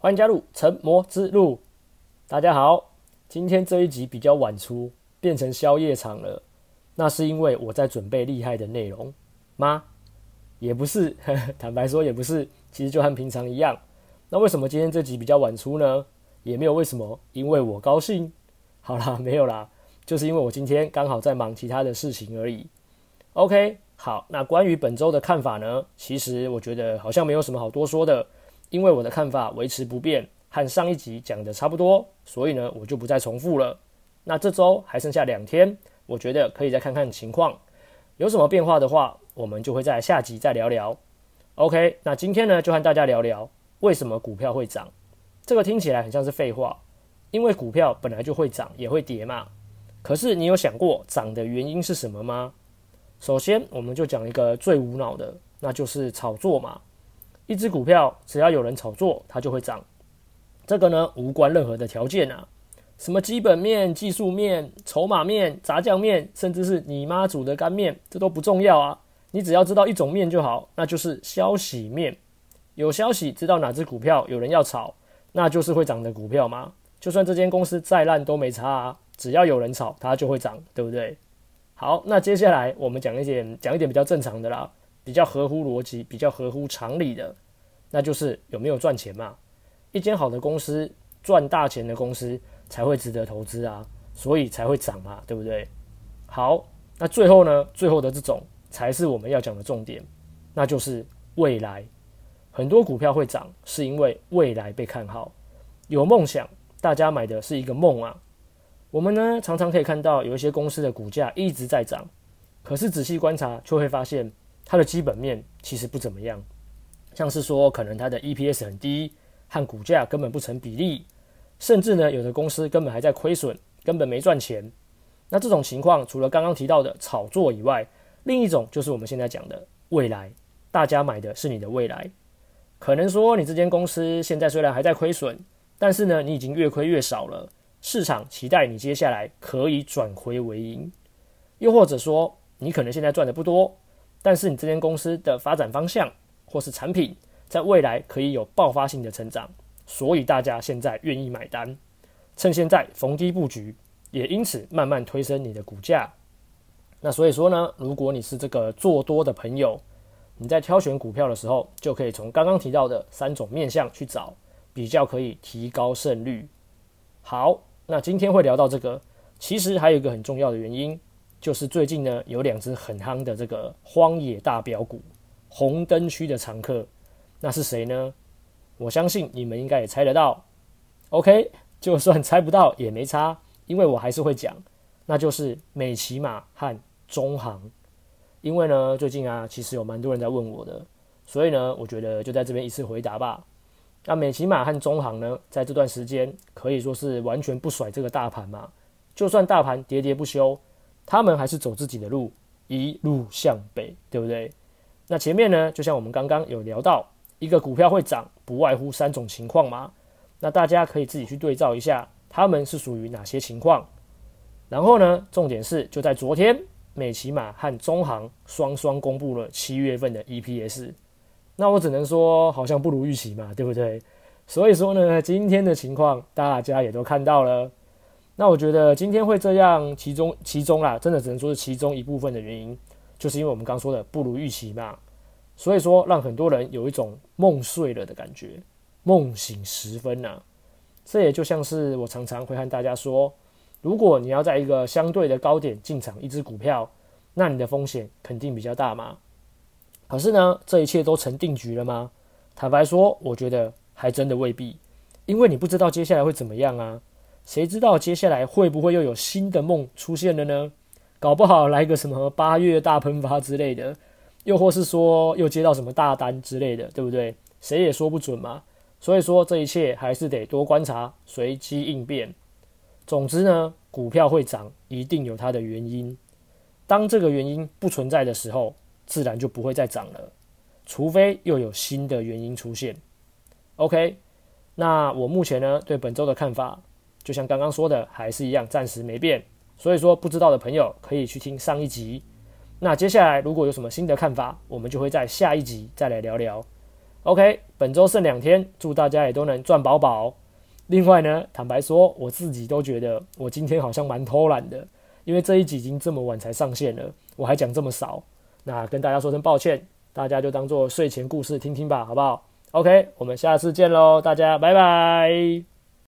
歡迎加入成魔之路。大家好，今天這一集比較晚出，變成宵夜場了。那是因為我在準備厲害的內容嗎？也不是，呵呵，坦白說也不是，其實就和平常一樣。那為什麼今天這集比較晚出呢？也沒有為什麼，因為我高興。好啦，沒有啦，就是因為我今天剛好在忙其他的事情而已。OK，好，那關於本周的看法呢？其實我覺得好像沒有什麼好多說的。因為我的看法維持不變，和上一集講的差不多，所以呢我就不再重複了。那這周還剩下兩天，我覺得可以再看看情況，有什麼變化的話，我們就會在下集再聊聊。OK，那今天呢就和大家聊聊為什麼股票會漲。這個聽起來很像是廢話，因為股票本來就會漲也會跌嘛。可是你有想過漲的原因是什麼嗎？首先我們就講一個最無腦的，那就是炒作嘛。一只股票只要有人炒作，它就會漲。這個呢無關任何的條件啊，什麼基本面、技術面、籌碼面、炸醬麵，甚至是你媽煮的乾面，這都不重要啊。你只要知道一種面就好，那就是消息面。有消息知道哪只股票有人要炒，那就是會漲的股票嘛。就算這間公司再爛都沒差啊，只要有人炒，它就會漲，對不對？好，那接下來我們講一點，講一點比較正常的啦，比較合乎邏輯、比較合乎常理的。那就是有沒有賺錢嘛。一間好的公司，賺大錢的公司才會值得投資啊，所以才會漲嘛啊，對不對？好，那最後呢，最後的這種才是我們要講的重點，那就是未來很多股票會漲，是因為未來被看好，有夢想，大家買的是一個夢啊。我們呢，常常可以看到有一些公司的股價一直在漲，可是仔細觀察卻會發現它的基本面其實不怎麼樣。像是說，可能它的 EPS 很低，和股價根本不成比例，甚至呢，有的公司根本還在虧損，根本沒賺錢。那這種情況，除了剛剛提到的炒作以外，另一種就是我們現在講的未來，大家買的是你的未來。可能說，你這間公司現在雖然還在虧損，但是呢，你已經越虧越少了，市場期待你接下來可以轉虧為盈。又或者說，你可能現在賺的不多，但是你這間公司的發展方向，或是產品在未來可以有爆發性的成長，所以大家現在願意買單，趁現在逢低布局，也因此慢慢推升你的股價。那所以說呢，如果你是這個做多的朋友，你在挑選股票的時候，就可以從剛剛提到的三種面向去找，比較可以提高勝率。好，那今天會聊到這個，其實還有一個很重要的原因，就是最近呢有兩只很夯的這個荒野大飆股。紅燈區的常客，那是誰呢？我相信你們應該也猜得到。OK，就算猜不到也沒差，因為我還是會講，那就是美琪瑪和中航。因為呢，最近啊，其實有蠻多人在問我的，所以呢，我覺得就在這邊一次回答吧。那美琪瑪和中航呢，在這段時間可以說是完全不甩這個大盤嘛，就算大盤跌跌不休，他們還是走自己的路，一路向北，對不對？那前面呢，就像我們剛剛有聊到，一個股票會漲，不外乎三種情況嘛。那大家可以自己去對照一下，他們是屬於哪些情況。然後呢，重點是就在昨天，美琪瑪和中行雙雙公布了七月份的 EPS。那我只能說，好像不如預期嘛，對不對？所以說呢，今天的情況大家也都看到了。那我覺得今天會這樣，其中其中啦，真的只能說是其中一部分的原因。就是因為我們剛說的不如預期嘛，所以說讓很多人有一種夢碎了的感覺，夢醒時分吶，這也就像是我常常會和大家說，如果你要在一個相對的高點進場一隻股票，那你的風險肯定比較大嘛。可是呢，這一切都成定局了嗎？坦白說，我覺得還真的未必，因為你不知道接下來會怎麼樣啊，誰知道接下來會不會又有新的夢出現了呢？搞不好來個什麼八月大噴發之類的，又或是說又接到什麼大單之類的，對不對？誰也說不準嘛。所以說這一切還是得多觀察，隨機應變。總之呢，股票會漲，一定有它的原因。當這個原因不存在的時候，自然就不會再漲了，除非又有新的原因出現。OK，那我目前呢，對本周的看法，就像剛剛說的，還是一樣，暫時沒變。所以說，不知道的朋友可以去聽上一集。那接下來如果有什麼新的看法，我們就會在下一集再來聊聊。OK，本周剩兩天，祝大家也都能賺飽飽。另外呢，坦白說，我自己都覺得我今天好像蠻偷懶的，因為這一集已經這麼晚才上線了，我還講這麼少。那跟大家說聲抱歉，大家就當做睡前故事聽聽吧，好不好？OK，我們下次見嘍，大家拜拜。